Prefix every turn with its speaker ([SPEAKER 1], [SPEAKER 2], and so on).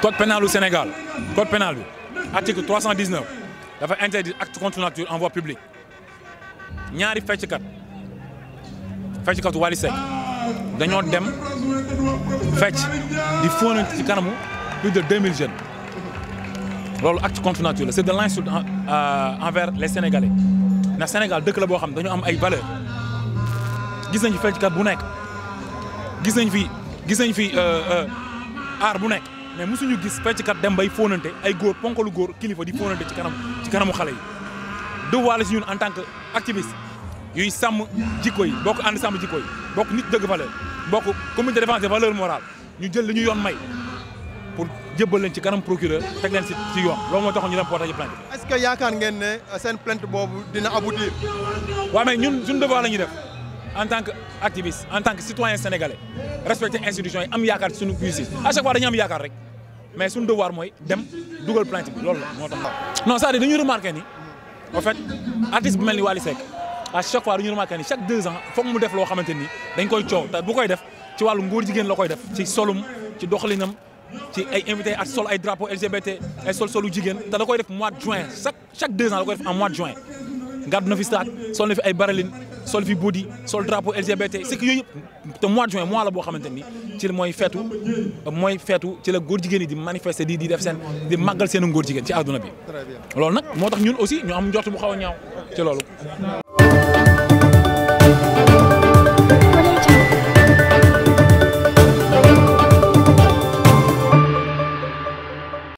[SPEAKER 1] code pénal au Sénégal code pénal article 319 dafa interdire acte contre nature en voie publique ñaari fecckat fecckatu Wally Seck dañoo dem fecc di fóon ci kanamu plus de 2000 jeunes loolu acte contre nature c'est de l'insulte euh, envers les Sénégalais le Sénégal deux la boo xam dañu am ay valeurs gis nañ fi fecckat bu nekk gis nañ fi gis nañ fi euh, euh, art bu mais mosuñu gis kat dem bay fóonante ay goor ponkolu goor kilifa di fóonante ci kanam ci kanamu xalé yi devoir la si ñun en tant que activiste yuy sam jikko yi bokk ànd sam jikko yi bokk nit deug valeur bokk communauté de défense des valeurs morales ñu jël li ñu yoon may pour jébbal leen ci kanam procureur tek leen ci ci yoon loolu mo tax ñu dem porter ci plainte est-ce que yaakar ngeen ne seen plainte bobu dina aboutir wa mais ñun suñu devoir la def en tant que activiste en tant que citoyen sénégalais respecter institution yi am yaakar ci suñu justice à chaque fois dañu am yaakar rek mais son devoir dem plainte non cest dire ni en fait artiste bu à chaque fois nous remarquer ni chaque deux ans def dañ koy bu koy def ci la koy def ci solum ci doxalinam ci ay invité sol ay drapeau LGBT ay sol solu que le koy def mois de juin chaque chaque deux ans da koy def en mois de juin Garde na fi sol na fi ay sol body sol drapeau LGBT c'est que moi te mois de juin mois la bo xamanteni ci ci la di manifester di di def suis di magal sen gor jigéen ci aduna bi. là, ñun aussi ñu am ci